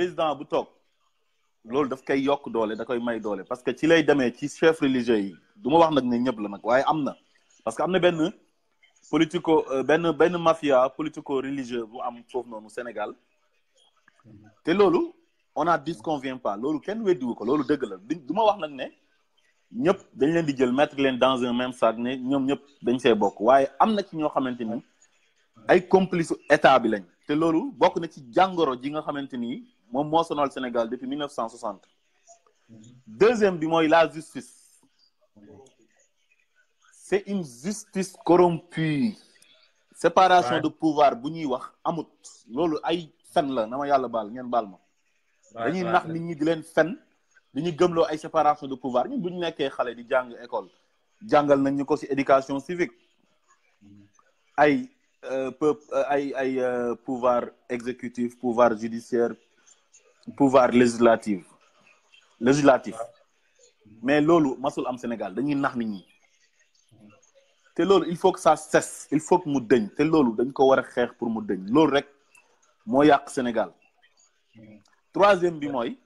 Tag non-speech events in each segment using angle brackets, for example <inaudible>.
président bu toog loolu daf koy yokk doole da koy may doole parce que ci lay demee ci chef religieux yi du ma wax nag ne ñëpp la nag waaye am na parce que am na benn politico euh, benn benn mafia politico religieux bu am foofu noonu Sénégal te loolu on a disconvient pas loolu kenn weddiwu ko loolu dëgg la du ma wax nag ne ñëpp dañ leen di jël mettre leen dans un même sac ne ñoom ñëpp dañ see bokk waaye am na ci ñoo xamante ni ay complice état bi lañ te loolu ji nga xamante moom moo sonal Sénégal depuis 1960 deuxième bi mooy la justice c'est une justice corrompue séparation de pouvoir bu ñuy wax amut loolu ay fen la na ma yàlla baal ngeen baal ma dañuy nax ni ñu di leen fen di ñu gëmloo ay séparation de pouvoir ñun bu ñu nekkee xale di jàng école jàngal nañ ñu ko ci éducation civique ay euh, peu euh, ay ay euh, pouvoir exécutif pouvoir judiciaire pouvoir législatif législatif mais loolu masul am Sénégal dañuy nax nit ñi te loolu il faut que ça cesse il faut que mu dëñ te loolu dañ ko war a xeex pour mu dëñ loolu rek moo yàq Sénégal troisième bi mooy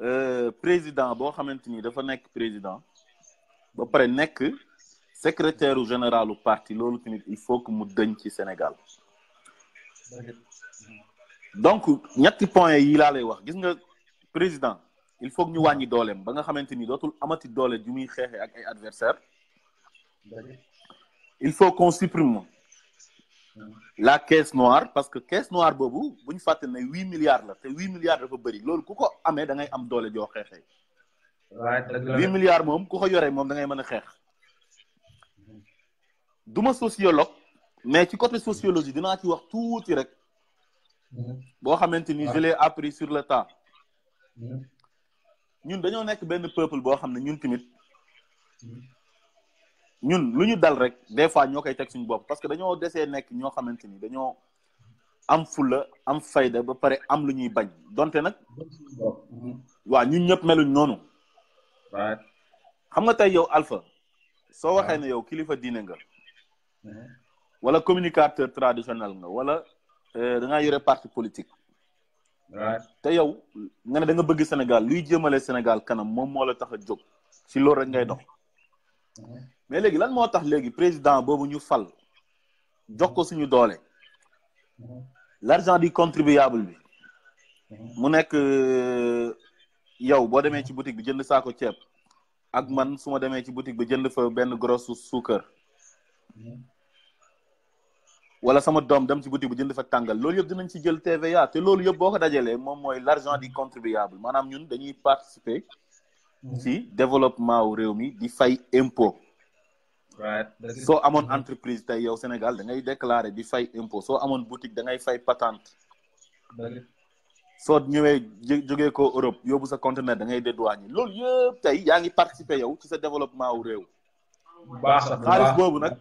euh, président boo xamante ni dafa nekk président ba pare nekk secretaire général u parti loolu tamit il faut que mu dëñ ci Sénégal donc ñetti point yi laa lay wax gis nga président il faut ñu wàññi dooleem ba nga xamante ni dootul amati doole ju muy xeexee ak ay adversaire il faut qu'on supprime la caisse noire parce que caisse noire boobu bu ñu fàtte ne huit milliards la te huit milliards dafa bëri loolu ku ko amee da ngay am doole joo xeexee. huit milliards moom ku ko yoree moom da ngay mën a xeex. duma sociologue mais ci côté sociologie dinaa ci wax tuuti rek. boo xamante ni ah. je l'ai appris sur le temps hmm. ñun dañoo nekk benn peuple boo xam ne ñun tamit hmm. ñun lu ñu dal rek des fois ñoo koy teg suñu bopp parce que dañoo desee nekk ñoo xamante ni dañoo am fulla am fayda ba pare am lu ñuy bañ donte nag hmm. waa ñun ñëpp meluñ noonu xam nga tey yow Alpha soo ah. waxee ne yow kilifa diine nga wala communicateur traditionnel nga wala Euh, da ngaa yore parti politique. te yow nga ne da nga bëgg Sénégal luy jëmale Sénégal kanam moom moo la tax a jóg si loolu rek ngay dox. mais léegi lan moo tax léegi président boobu ñu fal jox ko suñu doole. l' di contribuable bi. mu nekk euh, yow boo demee ci boutique bi jënd saako ceeb. ak man su demee ci boutique bi jënd fa benn grosse suukar. wala sama doom dem ci boutique bu jënd fa tàngal loolu yëpp dinañ ci jël TVA te loolu yëpp boo ko dajalee moom mooy l'argent di contribuable maanaam ñun dañuy participer mm-hmm. ci développement wu réew mi di fay impo soo amoon mm-hmm. entreprise tey yow Sénégal da ngay déclarer di fay impôt soo amoon boutique da ngay fay patente soo ñëwee jógee ko Europe yóbbu sa conteneur da ngay dédouaner loolu yëpp tey yaa ngi participer yow ci sa développement wu réew xaalis boobu nag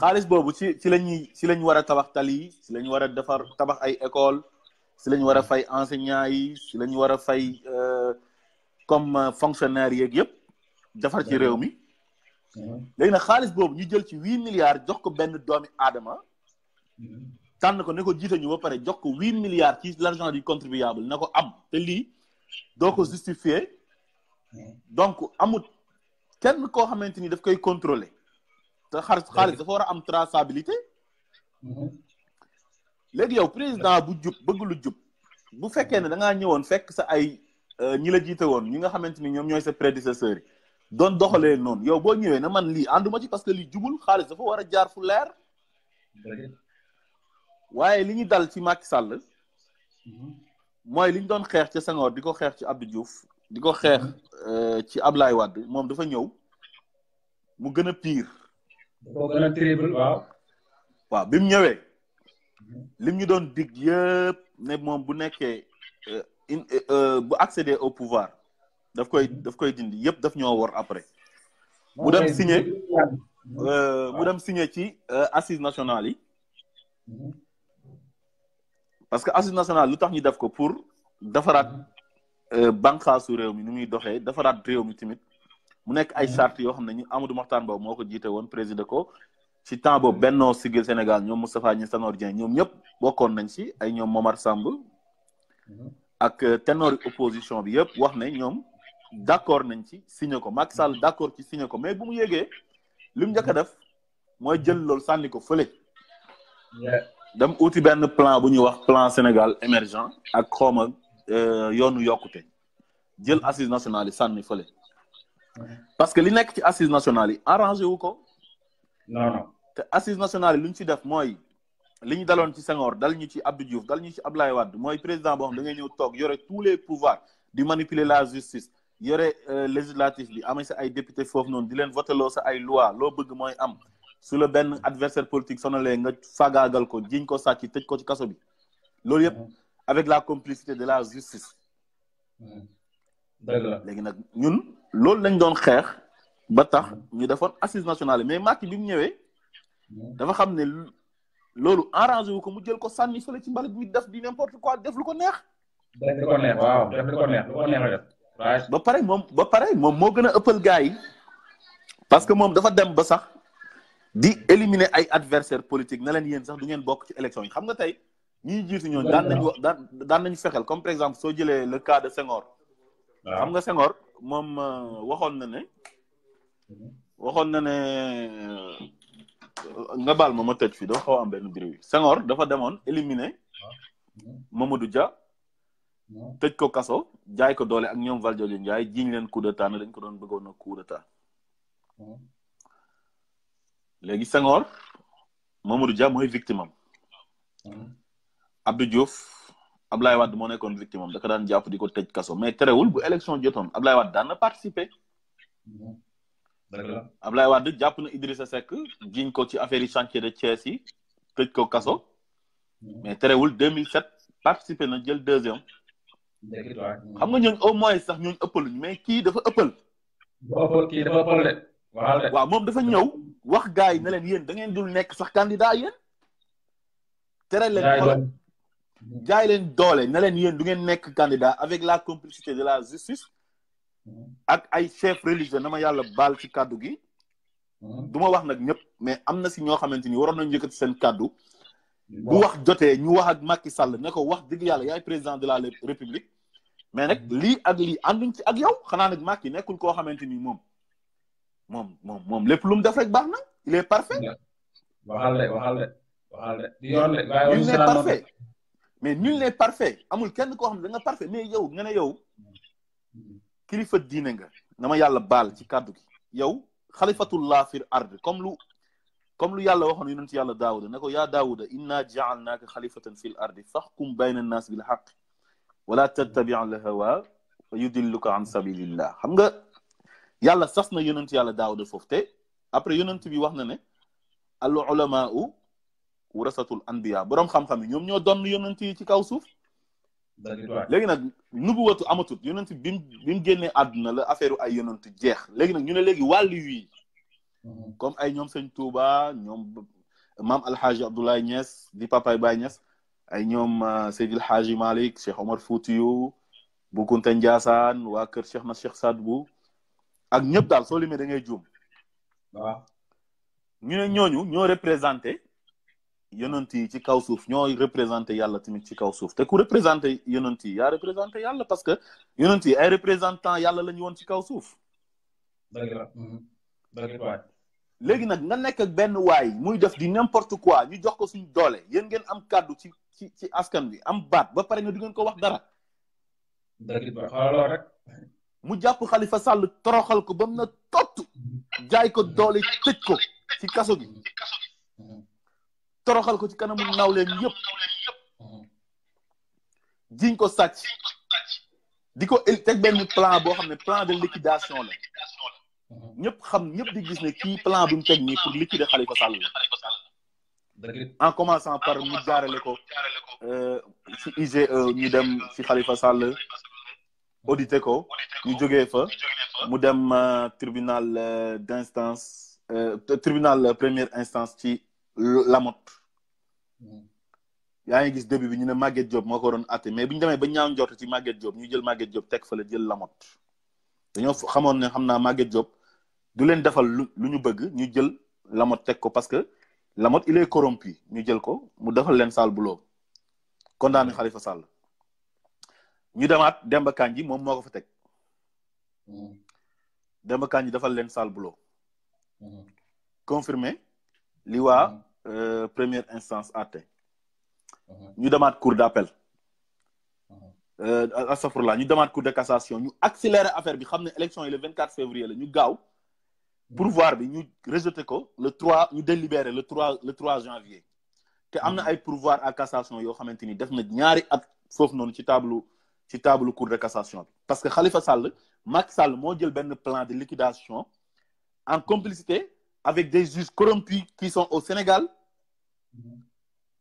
xaalis boobu ci ci la ñuy ci la war a tabax tali yi ci la ñu war a defar tabax ay école ci la ñu war a fay enseignants yi ci la ñu war a fay euh, comme euh, fonctionnaire yeeg yëpp defar ci réew mi. léegi na xaalis boobu ñu jël ci huit milliards jox ko benn doomi aadama. Mm-hmm. tànn ko ne ko jiite ñu ba pare jox ko huit milliards ci l'argent du contribuable na ko am te lii doo ko justifier mm-hmm. donc amut kenn koo xamante ni daf koy contrôler. te xaalis xaalis dafa war a am traçabilité. Mhm. léegi yow président bu jub bëgg lu jub bu fekkee ne da ñëwoon fekk sa ay euh, ñi la jiite woon ñi nga xamante ni ñoom ñooy sa prédécesseurs yi doon doxalee noonu yow boo ñëwee na man lii ànduma ci parce que lii jubul xaalis dafa war a jaar fu leer. waaye li ñu dal ci Macky sàll mhm. mooy li ñu doon xeex ci Senghor di ko xeex ci ab Abdou Diouf di ko xeex mhm. euh, ci Ablaye Wade moom dafa ñëw mu gën a pire. boo gën waaw. waaw bi mu ñëwee. Mhm. lim ñu doon dig yëpp ne moom bu nekkee euh, euh, bu accéder au pouvoir daf koy mhm. daf koy dind yëpp daf ñoo war après. mu dem signé euh, mu dem signé ci assises nationales yi. Mhm. parce que assises national lu tax ñu def ko pour defaraat bànqaasu réew mi nu muy doxee defaraat réew mi tamit. mu nekk ay charte yoo xam ne ñu Amadou Mahtar Mbow moo ko jiite woon président ko ci temps boobu Benno Siggil Sénégal ñoom Moustapha Niasse Tanor Dieng ñoom ñëpp bokkoon nañ ci ay ñoom Momar Samb ak euh, ténor opposition bi yëpp wax ne ñoom d'accord nañ ci signé ko maak Sall d'accord ci signé ko mais bu mu yégee li mu njëkk a def mooy jël loolu sànni ko fële. dem uti benn plan bu ñuy wax plan Sénégal émergent ak xawma euh, yoonu yokkute jël assise nationale sànni fële. parce que li nekk ci assises national yi arrangé wu ko. non non te assises nationales yi lu ñu ci def mooy li ñu daloon ci Senghor dal ñu ci Abdou Diouf dal ñu ci Abdoulaye Wade mooy président boo xam da ngay ñëw toog yore tous les pouvoirs di manipuler la justice yore euh, législatif bi amee sa ay député foofu noonu di leen voteloo sa ay loi loo bëgg mooy am su la benn adversaire politique sonalee nga fagagal ko jiñ ko sàcc tëj ko ci kaso bi loolu yëpp avec la complicité de la justice. Mm-hmm. léegi nag loolu lañ doon xeex ba tax ñu defoon assise nationale mais Macky bi mu ñëwee dafa xam ne loolu arrangé wu ko mu jël ko sànni sole ci mbalit mi def di n'importe quoi def lu ko neex. def lu ko neex waaw def lu ba pare moom ba pare moom moo gën a ëppal gars yi parce que moom dafa dem ba sax di éliminer ay adversaires politiques na leen yeen sax du ngeen bokk ci élection yi xam nga tey ñi jiitu ñooñu daan nañu daan nañu fexeel comme par exemple soo jëlee le cas de Senghor. xam nga sengoor moom euh, waxoon na ne waxoon na ne euh, nga baal ma ma tëj fii dafa xaw am benn bruit Senghor dafa demoon éliminer Mamadou ja tëj ko kaso jaay ko doole ak ñoom Valdiodio Ndiaye jiñ leen coup d'état ne dañ ko doon bëggoon a coup d'état léegi Senghor Mamadou Dia mooy victime am Abdou Ablaye Wade moo nekkoon victime am da ko daan jàpp di ko tëj kaso mais terewul bu élection jotoon Ablaye Wade daan na participer. dëgg la Ablaye Wade jàpp na Idrissa Seck jiñ ko ci affaire yi chantier de Thiès yi tëj ko kaso. mais terewul 2007 participer na jël deuxième. xam nga ñooñu au moins sax ñooñu ëppaluñ mais kii dafa ëppal. kii dafa ëppal moom dafa ñëw wax gars yi ne leen yéen da ngeen dul nekk sax candidat yéen. tere leen jaay leen doole na leen yéen du ngeen nekk candidat avec la complicité de la justice ak ay chef religieux na ma yàlla baal ci kàddu gi hmm. du ma wax nag ñëpp mais am na si ñoo xamante ni waroon nañu yëkkati seen kàddu hmm. bu wax jotee ñu wax ak Macky Sall ne ko wax dëgg yàlla yaay président de la république mais nag hmm. lii ak lii ànduñ ci ak yow xanaa nag Macky nekkul koo xamante ni moom moom moom moom lépp lu mu def rek baax na il est parfait waxal de mais nul n'est parfait amul kenn koo xam ne da nga parfait mais yow nga ne yow kilifa diine nga na ma yàlla baal ci kàddu gi yow xalifatullah fil ard comme lu comme lu yàlla waxoon yonent yàlla daawuda ne ko yaa daawuda inna jaalnaaka xalifatan fil ardi faxkum bayna annaas bil xaq wala tattabi al hawa fa yudilluka an sabilillah xam nga yàlla sas na yonent yàlla daawuda foofu te après yonent bi wax na ne al ulamaau wurasatul anbiya boroom xam-xam yi ñoom ñoo doon yonent yi ci kaw suuf léegi nag nubuwatu amatut yonent bi mu bi mu génnee àdduna la affaire ay yonent jeex léegi nag ñu ne léegi wàllu yi mhm. comme ay ñoom sëñ Touba ñoom maam alxaaji Abdoulaye Niass di papaay Baye Niass ay ñoom euh, Seydil Xaaji Malick Cheikh Omar Foutiyou bu Kunta Ndiassane waa kër Cheikh na Cheikh Saad Bou ak ñëpp daal soo limee da ngay juum waaw ñu ne ñooñu ñoo représenté yonent yi ci kaw suuf ñooy représenté yàlla tamit ci kaw suuf te ku représenté yonent yi yaa représenté yàlla parce que yonent yi ay représentant yàlla la ñu woon ci kaw suuf. Mhm, léegi nag nga nekk ak benn waay muy def di n'importe quoi ñu jox ko suñu doolee yéen ngeen am kàddu ci ci ci askan bi am baat ba pare nga du ngeen ko wax dara. rek. mu jàpp xalifa Sall toroxal ko ba mu na tott mhm. jaay ko doole tëj ko ci kaso gi. Mhm. toroxal ko ci kanamu nawleem yëpp jiñ ko sàcc di ko teg benn plan boo xam ne plan de liquidation la ñëpp xam ñëpp di gis ne ki plan bu mu teg nii pour liquider Khalifa Sall la en commençant par ñu jaarale ko euh, ci IGE ñu dem fi Khalifa Sall audité ko ñu jógee fa mu dem euh, tribunal euh, d'instance tribunal première instance ci Lamot. Hmm. yaa ngi gis début bi ñu ne Maguette Diop moo ko doon atte mais bi ñu demee ba ñaaw njort ci Maguette Diop ñu jël Maguette Diop teg fële jël Lamot dañoo xamoon ne xam naa Maguette Diop du leen defal lu ñu bëgg ñu jël Lamot teg ko parce que Lamot il est corrompu ñu jël ko mu defal leen Sall bu loo condamné hmm. Khalifa Sall ñu demaat Demba Kandji moom moo ko fa teg hmm. Demba Kandji defal leen Sall bu loo li waa mm-hmm. euh, première instance àtte mm-hmm. ñu demaat cour d'appel mm-hmm. euh, astafurlah ñu demaat cour de cassation ñu accélérer affaire bi xam ne élection yi le 24 février la ñu gaaw pourvoir bi ñu rejeté ko le trois ñu délibéré le trois le 3 janvier te am na ay pourvoir à cassation yoo xamante ni def na ñaari ak foofu noonu ci tableau ci tableau cour de cassation bi parce que Khalifa Sall Macky Sall moo jël benn plan de liquidation en complicité avec des juges corrompus qui sont au Sénégal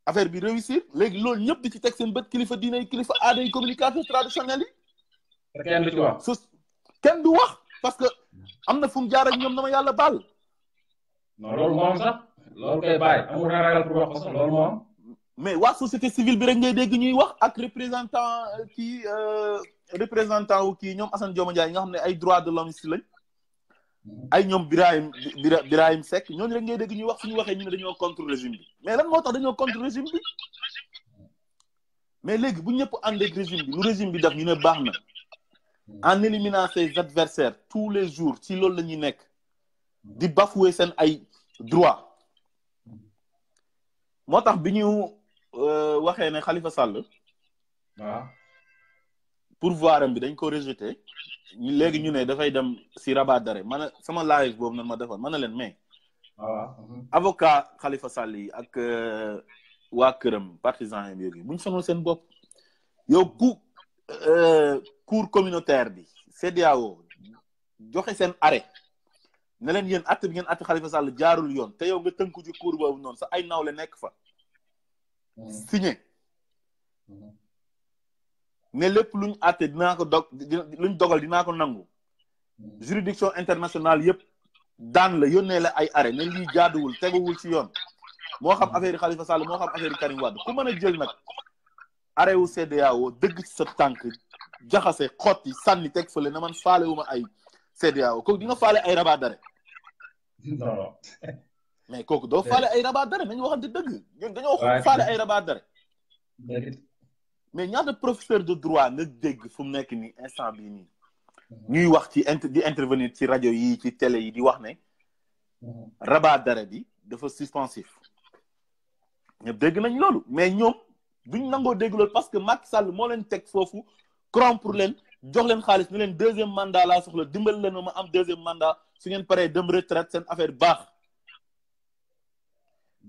affaire bi réussir léegi loolu ñëpp di ci teg seen bët kilifa diine yi kilifa aada communication traditionnelle yi. kenn du wax kenn du wax parce que am na fu mu jaar ak ñoom na ma yàlla baal. non loolu moo am sax loolu koy bàyyi amul ragal pour wax ko sax loolu moo am. mais waa société civile bi rek ngay dégg wax ak représentant euh, kii euh, représentant wu kii ñoom Assane Dioma Ndiaye nga am ne ay droits de l'homme si lañ. ay ñoom Birahim Birahim Seck ñooñu rek ngay dégg ñu wax suñu waxee ñu ne dañoo contre régime bi mais lan moo tax dañoo contre régime bi mais léegi bu ñëpp ànd ak régime bi lu régime bi def ñu ne baax na en éliminant ses adversaires tous les jours ci loolu la ñuy nekk di bafouer seen ay droit moo tax bi ñu euh, waxee ne Khalifa Sall waaw pour am bi dañ ko rejeté léegi ñu ne dafay dem si rabat d'arrêt man sama live boobu nan ma defoon man na leen mais. Ah. avocat Khalifa sàll yi ak euh, waa këram partisan yi yooyu ñu sonal seen bopp. yow ku euh, cour communautaire bi CEDEAO joxe seen arrêt ne leen yéen att bi ngeen att Khalifa sàll jaarul yoon te yow nga tënku ci cour boobu noonu sa ay nawle nekk fa. Hmm. signé. Hmm. ne lépp luñ àtte dinaa ko dog luñ dogal dinaa ko nangu hmm. juridiction internationale yëpp daan la yónnee la ay arrêt ne lii jaaduwul teguwul ci yoon moo xam hmm. affaire Khalifa Sall moo xam affaire Karim Wade ku mën a jël nag arrêt wu CEDEAO dëgg ci sa tànk jaxase xotti sànni teg fële na man faale ma ay CEDEAO kooku di nga faale ay rabat d'arrêt non mais kooku doo <laughs> faale ay dëgg ñun dañoo faale ay rabat mais ñaata professeur de droit nga dégg fu mu nekk nii instant bii nii ñuy wax ci di intervenir ci rajo yi ci télé yi di wax ne rabat d'arrêt bi dafa suspensif ñëpp dégg nañ loolu mais ñoom duñ nangoo dégg loolu parce que mat Sall moo leen teg foofu corrompre leen jox leen xaalis ne leen deuxième mandat la soxla dimbal leen ma am deuxième mandat su ngeen paree dem retraite seen affaire baax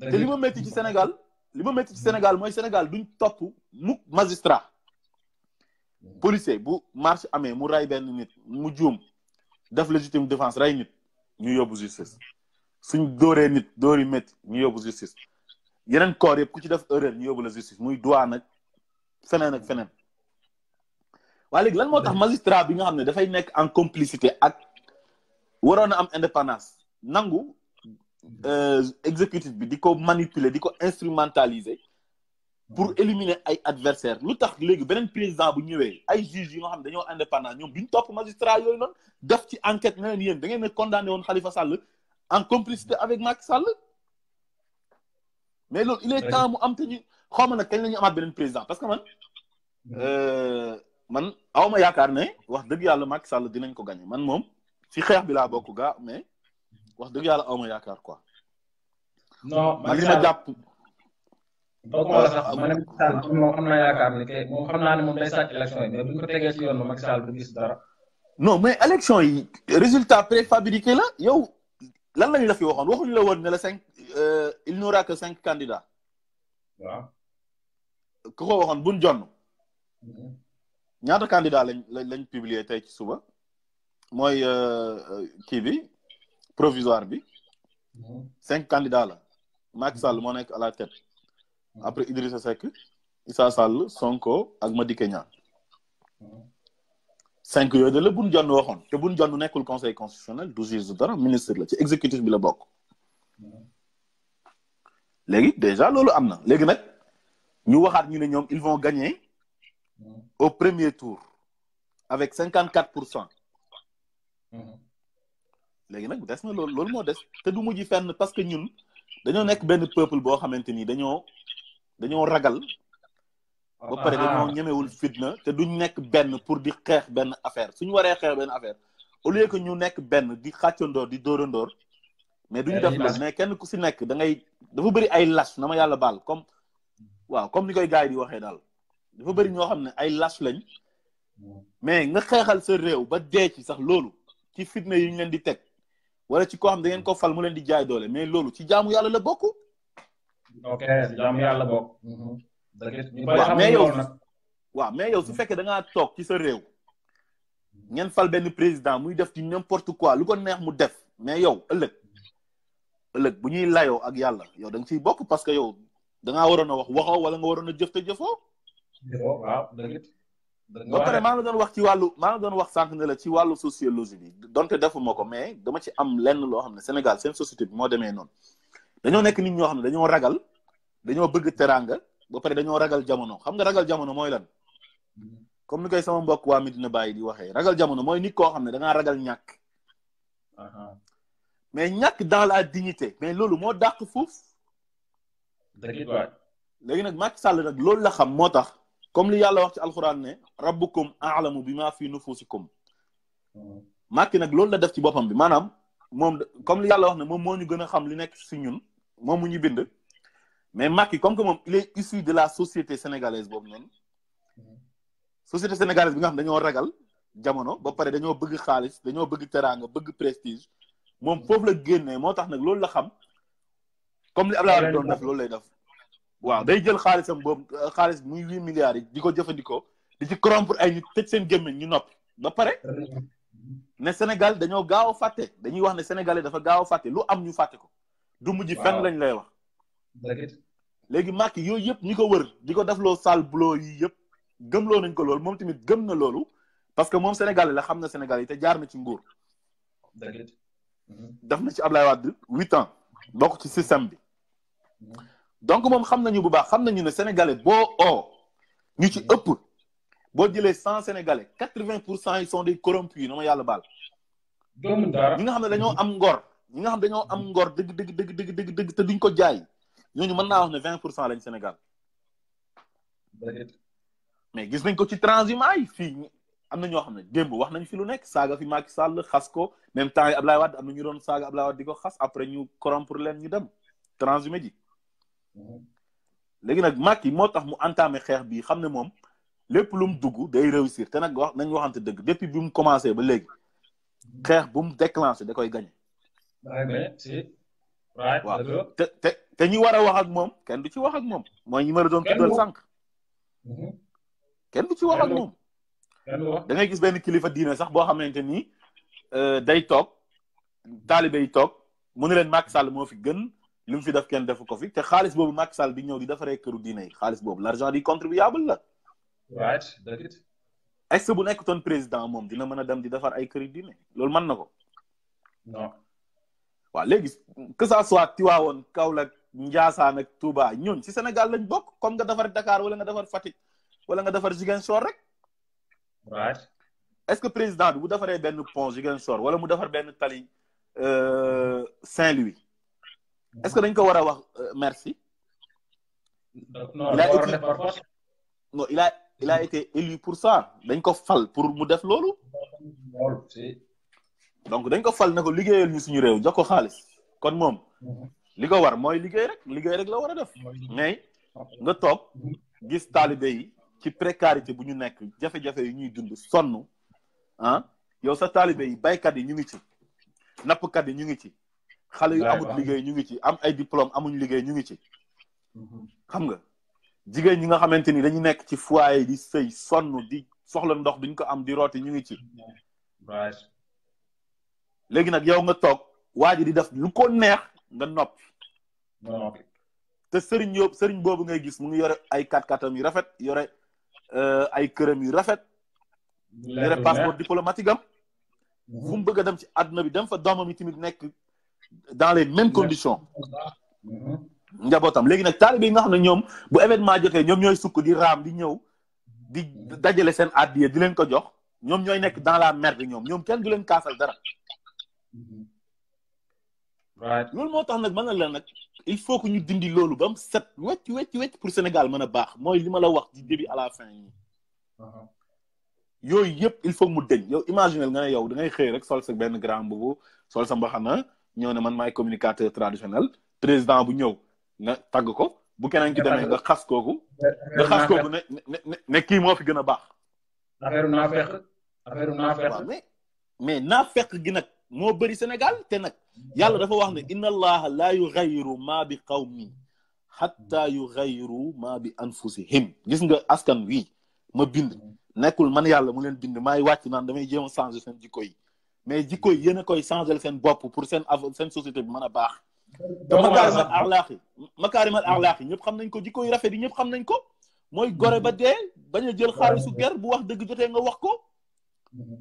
te li ma métti ci Sénégal li ma métti Sénégal mooy Sénégal duñ topp mukk magistrat policier bu marche amee mu ray benn nit mu juum def légitime defence rey nit ñu yóbbu justice suñ dóoree nit dóori métti ñu yóbbu justice yeneen corps yëpp ku ci def erreur ñu yóbbu la justice muy droit nag feneen ak feneen waaye léegi lan moo tax magistrat bi nga xam ne dafay nekk en complicité ak waroon a am indépendance nangu Euh, exécutif bi di ko manipuler di ko instrumentaliser pour éliminer ay adversaire lu tax léegi beneen président bu ñëwee ay juges yi nga xam dañoo indépendant ñoom duñ topp magistrat yooyu noonu def ci enquête ne leen yéen da ngeen ne condamné woon Khalifa Sall en complicité avec Macky Sall mais loolu il est temps mu am te ñu xaw ma nag kañ la ñu amaat beneen président parce que man euh, man awma yaakaar ne wax dëgg yàlla Macky Sall dinañ ko gagné man moom fi xeex bi laa wax dëgg yàlla aw ma yaakaar quoi. jàpp. boo ko waxee sax am naa yaakaar ne que xam naa ne moom day sàcc élection yi mais bu ñu ko ci yoon bi Macky Sall du gis dara. non mais élection yi résultat préfabriqué la yow lan lañu la fi waxoon waxuñu la woon ne la cinq euh, il n'y aura cinq candidats. ku ko waxoon buñ jon mm-hmm. ñaata candidat lañ lañ publie tey ci suba mooy euh, euh, kii bi provisoire bi mhm. cinq candidats la Macky Sall moo nekk à la tête mhm. après Idrissa Seck sa Sall Sonko ak Madické Niang mhm. cinq yooyu da la Boun Dionne waxoon te bu Boun Dionne nekkul conseil constitutionnel du juge dara ministre la ci exécutif bi la bokk léegi déjà loolu am na léegi nag ñu waxaat ñu ne ñoom ils vont gagner au premier tour avec cinquante quatre pour cent léegi nag des na loolu loolu moo des te du mujj fenn parce que ñun dañoo nekk benn peuple boo xamante ni dañoo dañoo ragal. Ah, ba pare dañoo ah. ñemewul fitna te duñ nekk benn pour di xeex benn affaire suñu waree xeex benn affaire au lieu que ñu nekk benn di xàccandoor di dóorandoor. mais duñu eh, def loolu mais kenn ku si nekk da ngay dafa bëri ay las na ma yàlla baal comme waaw comme ni koy gars yi di waxee daal dafa bëri ñoo xam ne ay las lañ hmm. mais nga xeexal sa réew ba dee ci sax loolu ci fitna yi leen di teg. wala ci koo xam da ngeen ko fal mu leen di jaay doole mais loolu ci jaamu yàlla la bokk. ok jaamu yàlla bokk. Mhm. waaw mais yow waaw mais yow su fekkee da toog ci sa réew. ngeen fal benn président muy def ci n'importe quoi lu ko neex mu def mais yow ëllëg. ëllëg bu ñuy layoo ak yàlla yow da nga ciy bokk parce que yow da ngaa waroon a wax waxoo wala nga waroon a jëf te jëfoo. ba pare maa ngi doon wax ci wàllu maa ngi doon wax sànq ne la ci wàllu sociologie bi donte defuma ko mais dama ci am lenn loo xam ne Sénégal seen société bi moo demee noonu dañoo nekk nit ñoo xam ne dañoo ragal dañoo bëgg teraanga ba pare dañoo ragal jamono xam nga ragal jamono mooy lan comme ni koy sama mbokk waa Medina Baye di waxee ragal jamono mooy nit koo xam ne da ragal ñàkk mais ñàkk dans la dignité mais loolu moo dàq fuuf léegi nag Macky Sall nag loolu la xam moo tax comme li yàlla wax ci alxuraan ne rabbukum aalamu bi maa fi nufusikum Macky nag loolu la def ci boppam bi maanaam moom comme li yàlla wax ne moom moo ñu gën a xam li nekk si ñun moom mu ñu bind mais Macky comme que moom il est issu de la société sénégalaise boobu noonu société sénégalaise bi nga xam dañoo ragal jamono ba pare dañoo bëgg xaalis dañoo bëgg teraanga bëgg prestige moom foofu la génnee moo tax nag loolu la xam comme li Abdoulaye doon def loolu lay def waaw day jël xaalisam boobu xaalis muy huit milliards yi di ko jëfandikoo di ci corrompre ay nit te seen gémmiñ ñu noppi ba pare ne Sénégal dañoo gaaw a fàtte dañuy wax ne sénégalais dafa gaaw a fàtte lu am ñu fàtte ko. du mujj fenn lañu lay wax. léegi Macky yooyu yëpp ñi ko wër di ko loo sale boulot yii yëpp gëm loo nañ ko loolu moom tamit gëm na loolu parce que moom sénégalais la xam na Sénégal yi te jaar na ci nguur. daf mhm. na ci Ablaye Wade huit ans bokk ci système bi. Mhm. donc moom xam nañu bu baax xam nañu ne sénégalais boo oo oh, ñu ci ëpp boo jëlee cent sénégale quatre vingt pour cent yi sont des corrompus na ma yàlla baal. doomu nga xam ne dañoo am ngor ñi nga xam ne dañoo am ngor dëgg dëgg dëgg dëgg dëgg dëgg te duñ ko jaay ñooñu mën naa wax ne vingt pour cent lañ Sénégal. mais gis nañ ko ci transhumance yi fii am na ñoo xam ne démb wax nañ fi lu nekk saaga fi Macky Sall xas ko même temps yi Ablaye Wade am na ñu doon saaga Ablaye Wade di ko xas après ñu corrompre leen ñu dem transhumé ji. léegi nag Macky moo tax mu entamé xeex bi xam ne moom lépp lu mu dugg day réussir te nag wax nañ waxante dëgg depuis bi mu commencé ba léegi xeex bu mu déclenché da koy gagné. waaw te te te ñi war a wax ak moom kenn du ci wax ak moom mooy ñi ma la doon tuddal sànq. Mhm. kenn du ci wax moom. da ngay gis benn kilifa diine sax boo xamante ni euh, day toog taalibe yi toog mu ne leen Macky Sall moo fi gën. li mu fi def kenn defu ko fi te xaalis boobu Macky Sall bi ñëw di defaree këru diine yi xaalis boobu l'argent du contribuable la. right dëgg est bu nekk toon président moom dina mën a dem di defar ay këru diine loolu man na ko. non. waaw léegi que ça soit Tivaouane Kaolack Ndiassane ak Touba ñun si Sénégal lañ bokk comme nga defar dakaar wala nga defar Fatick wala nga defar Ziguinchor rek. est-ce que président bi bu defaree benn pont Ziguinchor wala mu defar benn tali euh, Saint-Louis. est-ce que dañ ko war a wax euh, merci. non il a été non pour ça dañ ko fal pour mu def loolu. donc dañ ko fal ne ko liggéeyal ñu suñu réew jox ko xaalis kon moom mhm. li ko war mooy liggéey rek liggéey rek la war a def may nga toog gis taalibe yi ci précarité bu ñu nekk jafe-jafe yi ñuy dund sonn ah yow sa taalibe yi baykat yi ñu ngi ci nappkat yi ñu ngi ci xale yu amut liggéey ñu ngi ci am ay diplôme amuñ liggéey ñu ngi ci mhm. xam nga jigéen ñi nga xamante ni dañu nekk ci foyer di sëy sonn di soxla ndox duñ ko am di rooti ñu ngi ci léegi nag yow nga toog waa ji di def lu ko neex nga nopp te sëriñ yóbbu sëriñ boobu ngay gis mu ngi yore ay kat-katam yu rafet yore euh, ay këram yu rafet yore passeport diplomatique am mhm. fu bëgg a dem ci àdduna bi dem fa doomam yi tamit nekk dans les mêmes conditions. Mhm. njabootam léegi nag taalibe yi nga xam ne ñoom bu événement jotee ñoom ñooy sukk di raam di ñëw di dajale seen addiya di leen ko jox ñoom ñooy nekk dans la merde ñoom ñoom kenn du leen kaasal dara. Mhm. loolu moo tax nag mën na leen nag il faut que ñu dindi loolu ba mu set wecc wecc wecc pour Sénégal mën a baax mooy li ma la wax du début à la fin yi mhm. yooyu yëpp il faut mu deñ yow imaginer nga ne yow da ngay xëy rek sol sa benn grand boobu sol sa mbaxana ñëw ne man maay communicateur traditionnel président bu ñëw nga tagg ko bu keneen ki demee nga xas kooku. ne ne kii moo fi gën a baax. affaire naa mais mais naa fekk gi nag moo bëri Sénégal te nag yàlla dafa wax ne inna allaha laa yughayyiru maa bi qawmin hatta yughayyiru maa bi anfusihim gis nga askan wi ma bind nekkul man yàlla mu leen bind maay wàcc naan damay jéem a changer seen jikko yi mais jikko yéen a koy changé seen bopp pour seen seen société bi mën a baax. te makaarimal axlaaq yi makaarimal axlaaq yi ñëpp xam nañ ko jikko rafet yi ñëpp xam nañ ko. mooy gore ba dee bañ a jël xaalisu ger bu wax dëgg jotee nga wax ko. Mm-hmm.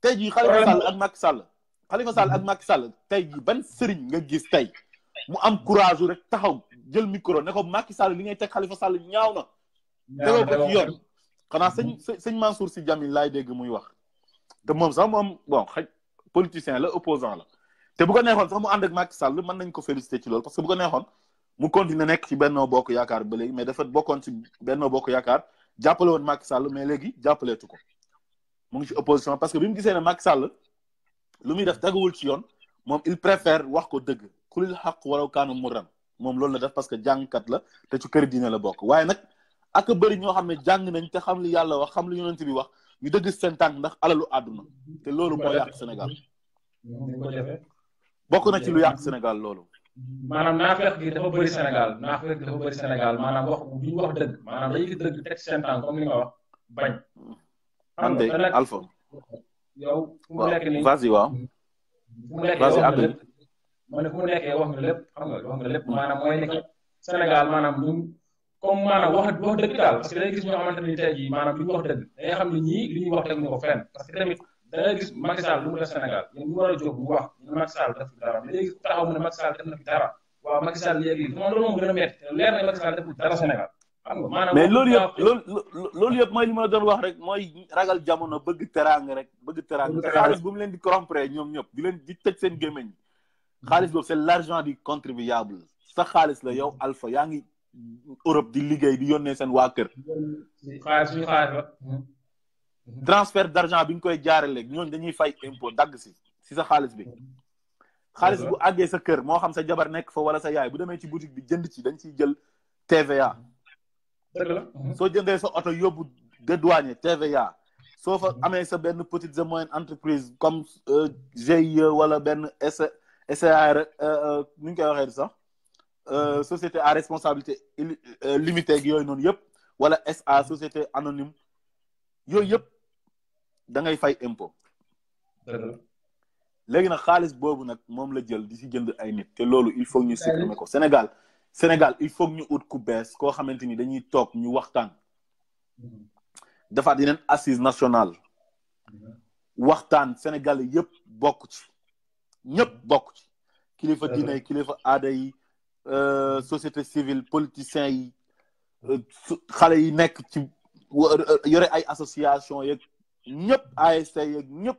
tey ji Khalifa Sall ak Macky Sall. Khalifa Sall ak mm-hmm. Macky Sall tey jii ban sëriñ nga gis tey mu am courage rek taxaw jël micro ne ko Macky sàll li ngay teg Khalifa Sall ñaaw na. tegoo ko ci yoon xanaa sëñ sëñ Mansour si Djamil laay dégg muy wax. te moom sax moom bon xaj politicien la opposant la te bu ko neexoon sax mu ànd ak Macky Sall mën nañ ko féliciter ci loolu parce que bu ko neexoon mu continuer nekk ci Benno Bokk Yaakaar ba léegi mais dafa bokkoon ci Benno Bokk Yaakaar jàppale woon Macky Sall mais léegi jàppaleetu ko mu ngi ci opposition parce que bi mu gisee ne Macky Sall lu muy def dagawul ci yoon moom il préfère wax ko dëgg xulil xaq waraw mu muran moom loolu la def parce que jàngkat la ci kër diine la bokk waaye nag ak ñoo xam ne jàng nañ te c li yàlla wax xam li yonent bi wax ñu dëgg seen ndax alalu àdduna te loolu moo yàq Sénégal bokk na ci lu yàq Sénégal loolu maanaam naafeq gi dafa bëri Sénégal naafeq gi dafa bëri Sénégal maanaam wax bu ñu wax dëgg maanaam dañuy dëgg teg seen tànk comme ni nga wax waaw. fu mu nekkee ne fu mu nekkee wax nga lépp xam nga wax nga mooy nekk Sénégal maanaam ñun comme maanaam wax wax dëgg daal parce que da ngay gis ñoo xamante teg ñu parce que tamit da ngay gis Macky Sall lu mu def Sénégal a wax ñu Macky Sall def fi dara na fi léegi moom loolu a Sénégal maanaam mais loolu yëpp loolu loolu yëpp mooy li doon wax rek mooy ragal jamono bëgg teraanga rek bëgg teraanga xaalis bu mu leen di corrompre ñoom ñëpp di leen di tëj seen gémmiñ xaalis boobu c'est l'argent di contribuable sax xaalis la yow alfa yaa ngi Europe di liggéey di yónnee seen waa kër. xaalis suñu xaalis la. d'argent bi ñu koy jaarale ñooñu dañuy fay impôt dagg si si sa xaalis bi. xaalis bu àggee sa kër moo xam sa jabar nekk fa wala sa yaay bu demee ci boutique bi jënd ci dañ ciy jël TVA. soo jëndee sa oto yóbbu dédouané TVA. soo fa amee sa benn petite et moyenne entreprise comme euh, GIE wala benn SA SAR euh, euh, nu koy waxee sax. Euh, société à responsabilité euh, limité ak yooyu noonu yëpp wala SA société anonyme yooyu yëpp dangay fay impôt. léegi nag xaalis boobu nag moom la jël di si jënd ay nit te loolu il faut ñu supprimer ko Sénégal Sénégal il faut ñu ut ku bees koo xamante ni dañuy toog ñu waxtaan mm-hmm. dafaat yeneen assise nationale mm-hmm. waxtaan Sénégal yëpp bokk ci ñëpp mm-hmm. bokk ci kilifa diine yi kilifa aada yi Euh, société civile politiciens yi euh, xale yi nekk ci euh, yore ay association yeeg ñëpp ASC yeeg ñëpp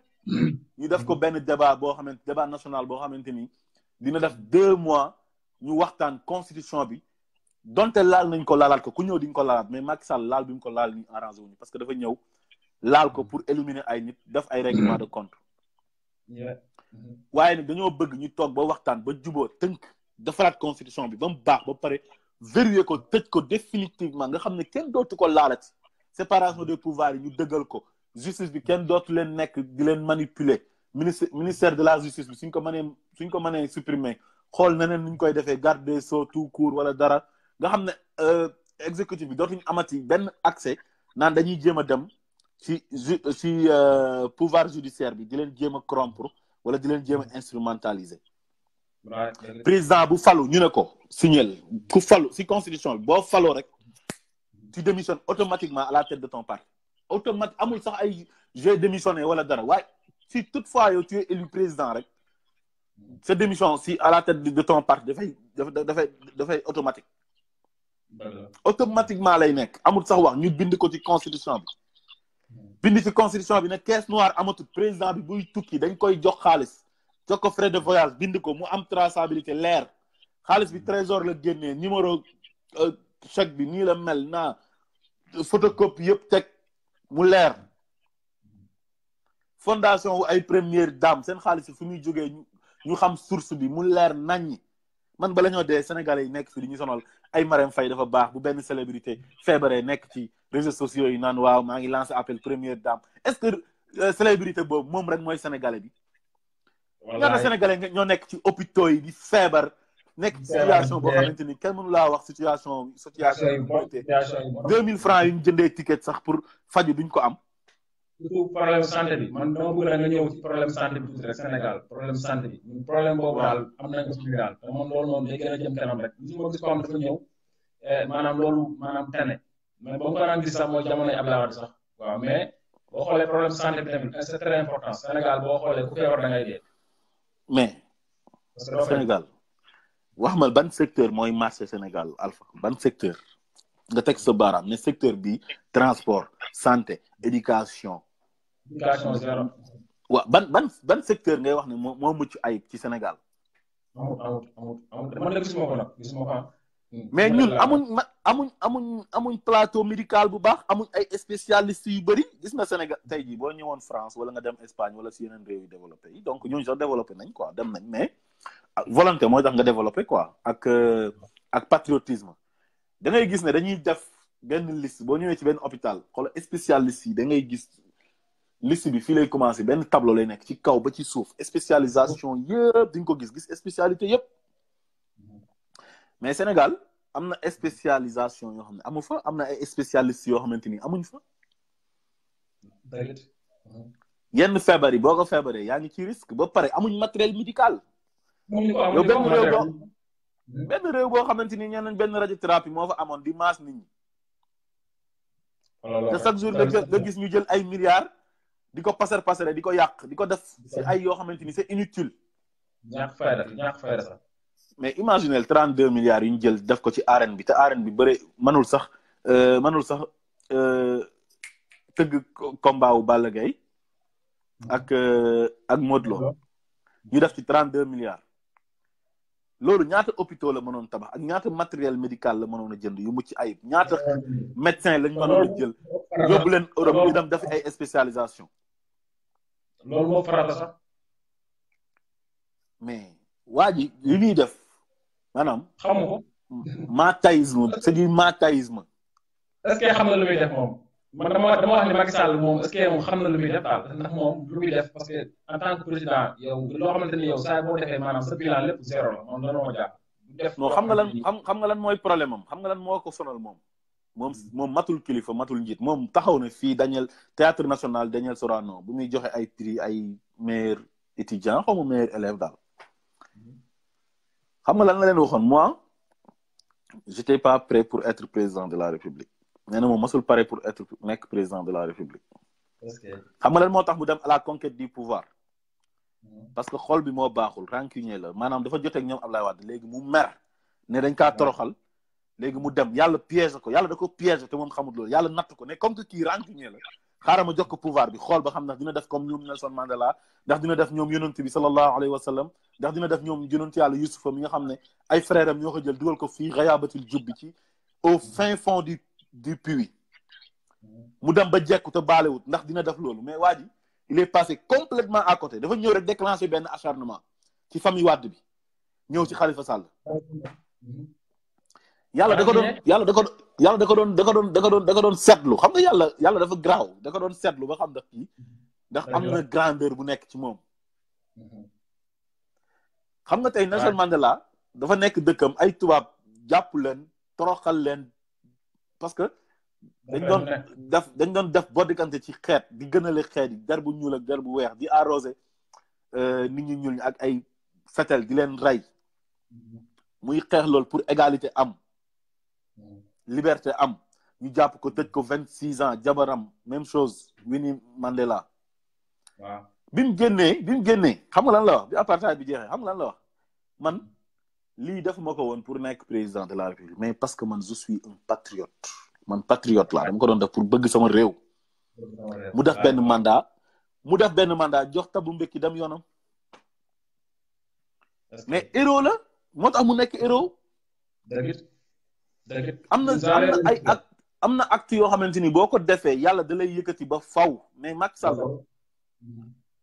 ñu def ko benn débat boo xamante débat national boo xamante ni dina def deux mois ñu waxtaan constitution bi donte laal nañ ko laalaat ko ku ñëw di nga ko laalaat mais Macky Sall laal bi ko laal ñu arrangé wuñu parce que dafa ñëw laal ko pour éliminer ay nit def ay règlement de compte mm-hmm. waaye nag dañoo bëgg ñu toog ba waxtaan ba juboo tënk defaraat constitution bi ba mu baax ba pare verrouiller ko tëj ko définitivement nga xam ne kenn dootu ko laalati séparation des pouvoirs yi ñu dëggal ko justice bi kenn dootu leen nekk di leen manipuler ministre ministère de la justice bi suñ ko mënee suñ ko mënee supprimer xool neneen nu ñu koy defee garde des sceaux tout court wala dara nga xam ne euh, exécutif bi dootuñu amati benn accès naan dañuy jéem a dem ci ju ci euh, pouvoir judiciaire bi di leen jéem a corrompre wala di leen jéem a instrumentaliser président bu falu ñu ne ko signal ku falu si constitution bi boo faloo rek tu démissionnes automatiquement à la tête de ton parti automatique amul sax ay j'ai démissionné wala dara waaye si toutefois yow tu es élu président rek sa démission si à la tête de ton parti dafay dafay dafay automatique automatiquement lay nekk amul sax wax ñu bind ko ci constitution bi bind ci constitution bi ne caisse noire amatul président bi buy tukki dañ koy jox xaalis jox ko de voyage bind ko mu am traçabilité leer xaalis bi hmm. trésor la génnee numéro euh, chèque bi nii la mel naa photocopie yëpp teg mu leer fondation ay premier dame seen xaalis bi fu muy jógee ñu xam source bi mu leer naññ man bala ñoo dee sénégalais yi nekk fii di ñu sonal ay Marème Faye dafa baax bu benn célébrité feebaree nekk ci réseaux sociaux yi naan waaw maa ngi lancé appel première dame est-ce que euh, célébrité boobu moom rek mooy sénégalais bi ñaata sénégalais ñoo nekk ci hôpitaux yi di feebar nekk ci situation boo xamante ni kenn mënu laa wax situation situation yu boité deux mille francs yi ñu jëndee tiket sax pour faju duñ ko am surtout bi man dama bëgg nga ñëw ci problème santé bi tuuti rek Sénégal problème santé bi ñun problème boobu daal am na ko suñu daal te moom loolu moom day a jëm kanam rek ñi ma gis ko am dafa ñëw eh, maanaam loolu maanaam tane mais ba mu ko daan gis sax mais boo xoolee problème santé bi tamit c'est très important Sénégal boo xoolee ku feebar da ngay dee mais Sénégal wax ma ban secteur mooy marché Sénégal Alpha ban secteur nga teg sa baaraam ne secteur bi transport santé éducation. éducation zéro. waaw ban ban ban secteur ngay wax ne moo moo mucc ayib ci Sénégal. amul amul amul man de gisuma mais ñun amuñ ma amuñ amuñ amuñ plateau médical bu baax amuñ ay spécialistes yu bëri gis na Sénégal tey jii boo ñëwoon France wala nga dem Espagne wala si yeneen réew yu développé yi donc ñun sax développé nañ quoi dem nañ mais ah, volonté mooy tax nga développé ko ak euh, ak patriotisme da gis ne dañuy def benn liste boo ñëwee ci benn hôpital xoolal spécialiste yi da ngay gis liste bi fii lay commencé benn tableau lay nekk ci kaw ba ci suuf spécialisation yëpp di ko gis gis spécialité yëpp. mais Sénégal am na spécialisation yoo xam ne amu fa am na ay spécialistes yoo xamante ni amuñ fa. yenn feebar boo ko feebaree yaa ngi ci risque ba pare amuñ matériel médical. yow benn réew boo benn réew boo xamante ni ñeneen benn radiothérapie moo fa amoon di maas nit te chaque jour nga gis ñu jël ay milliards di ko passer passer di ko yàq di ko def si ay yoo xamante ni c'est inutile. ñàkk fayda ñàkk fayda sax. mais imaginel imaginez 32 milliards yu ñu jël def ko ci arène bi te arène bi bëre mënul sax euh, mënul sax euh, tëgg combat wu Balla Gaye ak euh, ak Modou ñu def ci 32 milliards loolu ñaata hôpitaux la mënoon tabax ak ñaata matériel médical la mënoon a jënd yu mucc ayib ñaata médecin lañ mënoon a jël yóbbu leen Europe ñu dem def ay spécialisation loolu moo mais waa ji li def maanaam. xamu ko. Hmm. maataïsme c'est du maataïsme. est-ce que xam na lu muy def moom dama wax ne Macky Sall moom est xam na lu muy def def parce que en tant que président yow loo xamante ni yow saa boo defee maanaam sa bilan lépp zéro la xam nga lan xam xam lan mooy problème am xam nga lan moo ko sonal moom. moom moom matul kilifa matul njiit moom taxaw na fii Daniel théâtre national Daniel Sorano bu muy joxe ay prix ay meilleur étudiant xaw ma meilleur daal. xam nga lan la leen waxoon moi j'étais pas prêt pour être président de la république nee na moom sul pare pour être nekk président de la république xam nga lan moo tax mu dem à la conquête du pouvoir hmm. parce que xool bi moo baaxul rancunier la maanaam dafa joteeg ñoom Ablaye Wade léegi mu mer ne dañ kaa toroxal léegi mu dem yàlla piège ko yàlla da ko piège te moom xamul loolu yàlla natt ko ne comme que kii rancunier la xaaral ma jox ko pouvoir bi xool ba xam ndax dina def comme ñoom Nelson Mandela ndax dina def ñoom yonent bi sallallahu alayhi wa sallam ndax dina def ñoom yonent yàlla Yusufa mi nga xam ne ay frère ñoo ko jël dugal ko fii rayabatil jubbi ci au fin fond du du puits mu dem ba jekku te baalewut ndax dina def loolu mais waa ji il est passé complètement à côté dafa ñëw rek déclenché benn acharnement ci famille Wade bi ñëw ci Khalifa Sall yàlla da ko doon yàlla da ko yàlla doon da doon da ko doon seetlu xam na yàlla yàlla dafa garaaw da doon seetlu ba xam ndax kii ndax am na grandeur bu nekk ci moom mhm. xam nga tey Nelson Mandela dafa nekk dëkkam ay tubaab jàpp leen toroxal leen parce que dañ doon def dañ doon def boddikante ci xeet di gënale xeet yi der bu ñuul ak der bu weex di arrosé euh, nit ñi ñuul ak ay fetel di leen rey mhm. muy xeex loolu pour égalité am liberté am ñu jàpp ko tëj ko vingt six ans jabaram même chose Winnie Mandela. waaw bi mu génnee bi mu génnee xam nga lan la wax bi apartheid bi jeexee xam nga lan la wax man lii def ma ko woon pour nekk président de la république mais parce que man je suis un patriote man patriote laa dama ko doon def pour bëgg sama réew. mu def benn manda mu def benn mandat jox bu mbékki dem yoonam. mais héros la moo tax mu nekk héros. am na am ay ak am na acte yoo xamante ni boo ko defee yàlla da lay yëkkati ba faw mais Macky Sall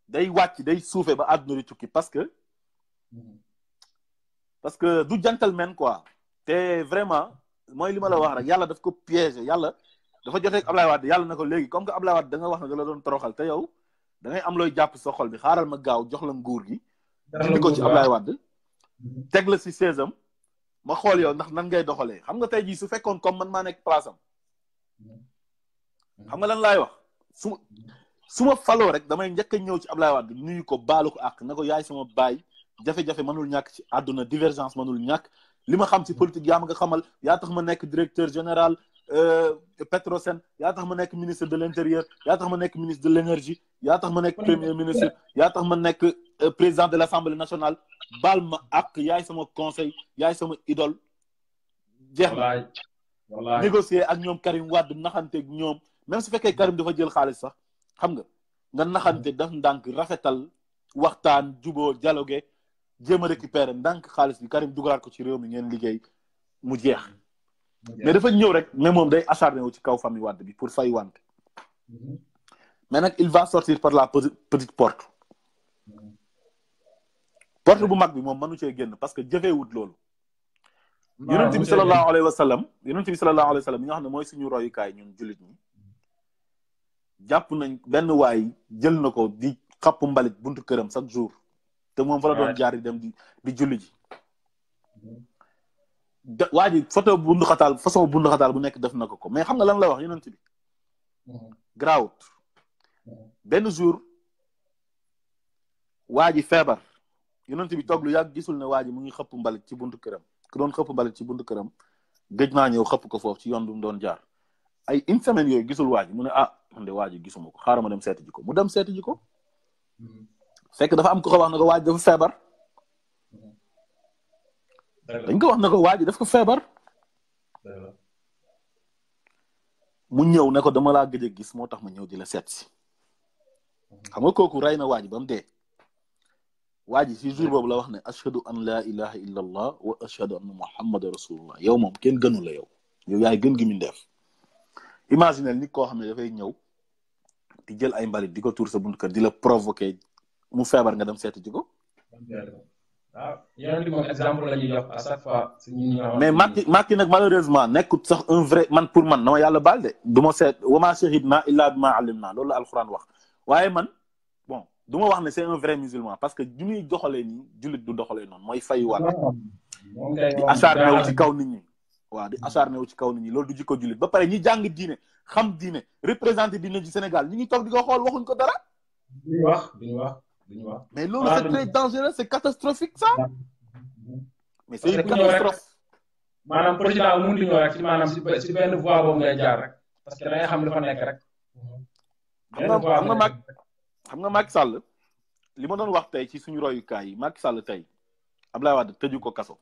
day wàcc day suufee ba àdduna di tukki parce que parce que du gentleman quoi te vraiment mooy li ma la wax rek yàlla def ko piégé yàlla dafa jotee ak Ablaye Wade yàlla na ko léegi comme que Ablaye Wade da wax ne da la doon toroxal te yow da am looy jàpp sa xol bi xaaral ma gaaw jox la nguur gi dindi ko ci Ablaye mm-hmm. teg la si seesam ma xool yow ndax nan ngay doxalee xam nga tey jii su fekkoon comme man maa nekk place mm-hmm. xam nga lan laay wax su su ma faloo rek damay njëkk ñëw ci Ablaye Wade nuyu ko baalu ko ak na ko yaay sama baay jafe-jafe mënul ñàkk ci àdduna divergence mënul ñàkk li ma xam ci mm-hmm. politique yaa ma nga xamal yaa tax ma nekk directeur général euh, Petrosen yaa tax ma nekk ministre de l'intérieur yaa tax ma nekk ministre de l'énergie yaa tax ma nekk mm-hmm. premier ministre yaa tax ma nekk euh, président de l'Assemblée nationale baal ma ak yaay sama conseil yaay sama idol jeex na négocier ak ñoom Karim wàdd naxanteeg ñoom même su fekkee Karim dafa jël xaalis sax xam nga nga naxante daf ndànk rafetal waxtaan juboo dialogue jéem a récupérer ndànk xaalis bi Karim dugalaat ko ci réew mi ngeen liggéey mu jeex mais dafa ñëw rek mais moom day acharné wu ci kaw famille wàdd bi pour fay wante mhm. mais nag il va sortir par la petite port mhm. porte bu mag bi moom mënu cee génn parce que jëfeewut loolu yonent bi sallallahu alayhi wa sallam yonent bi sallallahu alayhi wa sallam yi nga xam ne mooy ñu royukaay ñun jullit ñi jàpp nañ benn waay jël na ko di xapp mbalit buntu këram chaque jour te moom fa la doon jaar di dem di di julli ji mm-hmm. waa ji photo bundu xataal façon bundu xataal bu nekk def na ko ko mais xam nga lan wax yonent bi mm-hmm. grawut mm-hmm. benn jour waa ji feebar yonent bi toog lu yàgg gisul ne waa ji mu ngi xëpp mbalit ci buntu këram ku doon xëpp mbalit ci buntu këram gëj naa ñëw xëpp ko foofu ci yoon bi mu doon jaar ay une semaine yooyu gisul waa mu ne ah man de waa ji gisuma ko xaaral ma dem seeti ji ko mu dem seeti ji fekk dafa am ko ko wax na ko waa ji dafa feebar dañ ko wax na ko waa ji ko feebar mu ñëw ne ko dama laa gëj a gis moo tax ma ñëw di la seet si xam nga kooku rey na waa ji ba mu dee waa ji si jour boobu la wax ne ashhadu an la ilaha illa allah wa ashhadu anna muhammadan rasulullah yow moom kenn gënu la yow yow yaay gën gi mu def imagine nit koo xam ne dafay ñëw di jël ay mbalit di ko tuur sa bunt kër di la provoquer mu feebar nga dem seeti ji ko waaw ah, yonent bi moom exemple la mais Macky nag malheureusement nekkut sax un vrai man pour man na ma yàlla baal de du ma seet wa na shahidnaa illaa bimaa alimnaa loolu la wax waaye man du ma wax ne c'est un vrai musulman parce que du muy doxalee nii jullit du doxalee noon mooy fay di acharné wu ci kaw nit ñi waaw di acharné wu ci kaw nit ñi loolu du jikko jullit ba pare ñi jàng diine xam diine représenté diine ci Sénégal ñu ngi toog di xool waxuñ ko dara duñu wax wax duñu wax mais loolu c'est ah, très dangereux c'est catastrophique ça ah. mais c'est une catastrophe maanaam président mënut ñëw rek ci maanaam si benn voie boobu ngay jaar rek parce que da ngay xam li fa nekk rek xam nga Macky sàll li ma doon wax tey ci suñu royukaay yi Macky Sall tey Abdoulaye Wade tëju ko kaso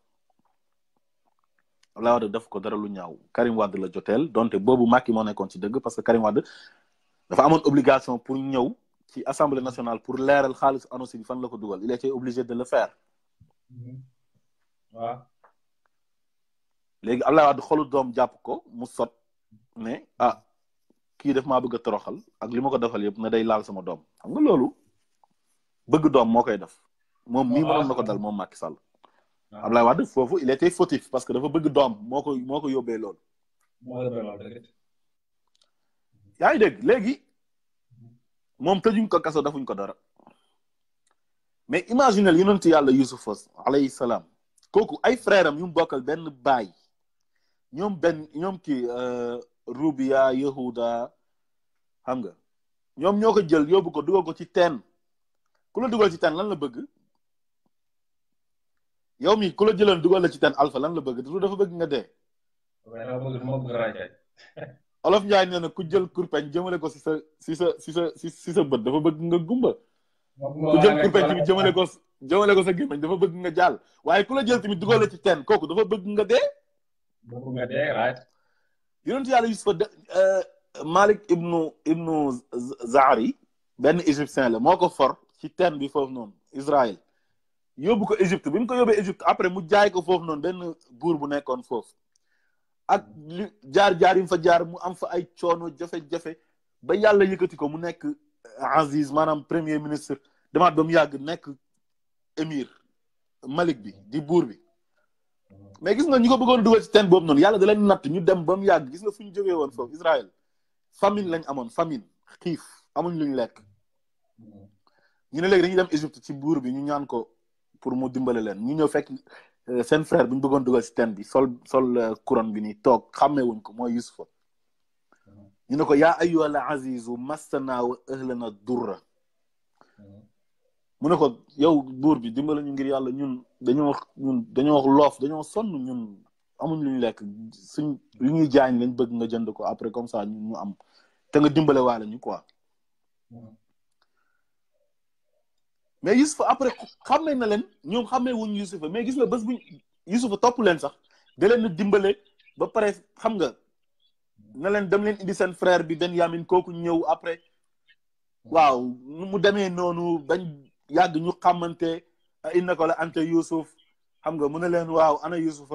Abdoulaye Wade def ko dara lu ñaaw Karim Wade la joteel donte boobu Macky moo nekkoon ci dëgg parce que Karim Wade dafa amoon obligation pour ñëw ci assemblée nationale pour leeral xaalis ANOCI fan la ko dugal il était obligé de le faire. Mhm. waaw. léegi Abdoulaye Wade xolu doom jàpp ko mu sot ne ah. kii def maa bëgg a toroxal ak li ma ko defal yëpp ne day laal sama doom xam nga loolu bëgg doom moo koy def moom mii mënoon na ko dal moom Macky Sall ah. Ablaye Wade foofu il était fautif parce que dafa bëgg doom moo ko moo ko yóbbee loolu yaa ngi dégg léegi moom tëjuñ ko kaso defuñ ko dara mais imaginel yonentu yàlla Yusuf alayhi salaam kooku ay frère yu mu benn baay ñoom benn ñoom kii euh, Rubiya Yahuda xam nga ñoom ñoo ko jël yóbbu ko dugal ko ci teen ku la dugal ci teen lan la bëgg yow mi ku la jëloon dugal la ci teen alpha lan la bëgg du dafa bëgg nga dee. <laughs> olof Njaay nee na ku jël kurpeñ jëmale ko si sa si sa si sa si bët dafa bëgg nga gumba ku jël kurpeñ tamit jëmale ko jëmale ko sa gémmañ dafa bëgg nga jaal waaye ku la jël tamit dugal la ci teen kooku dafa bëgg nga dee. bëgg nga dee right. yonent Malik ibnu ibnu Zaari benn égyptien la moo ko for ci teen bi foofu noonu Israël yóbbu ko Égypte bi mu ko yóbbee Égypte après mu jaay ko foofu noon benn buur bu nekkoon foofu ak jaar-jaar yi fa jaar mu am fa ay coono jafe-jafe ba yàlla yëkkati ko mu nekk eh, Aziz maanaam premier ministre demaat ba mu yàgg nekk émir Malik bi di buur bi mm-hmm. mais gis nga ñu ko bëggoon dugal ci teen boobu noonu yàlla da leen natt ñu dem ba mu yàgg gis nga fu ñu jógee woon foofu Israël famine lañ amoon famine xiif amuñ luñ lekk ñu ne léegi dañuy dem Égypte ci buur bi ñu ñaan ko pour mu dimbale leen ñu ñëw fekk euh, seen frère bi ñu bëggoon dugal si teen bi sol sol euh, couronne bi nii toog xàmmee wuñ ko mooy Yusufa ñu ne ko yaa ayyuhal azizu massana wa ahlana durra mu ne ko yow buur bi dimbale ñu ngir yàlla ñun dañoo ñun dañoo loof dañoo sonn ñun amuñ lu ñu lekk suñ lu ñuy jaañ lañ bëgg nga jënd ko après comme ça ñu am te nga dimbale waale ñu quoi mais Youssouf après xàmmee na leen ñoom xàmmee wuñ Youssouf mais gis nga bés buñ Youssouf topp leen sax da leen dimbale ba pare xam nga na leen dem leen indi seen frère bi Benyamin kooku ñëw après waaw mu demee noonu bañ yàgg ñu xàmmante inna ko la ante Youssouf xam nga mu ne leen waaw ana Youssouf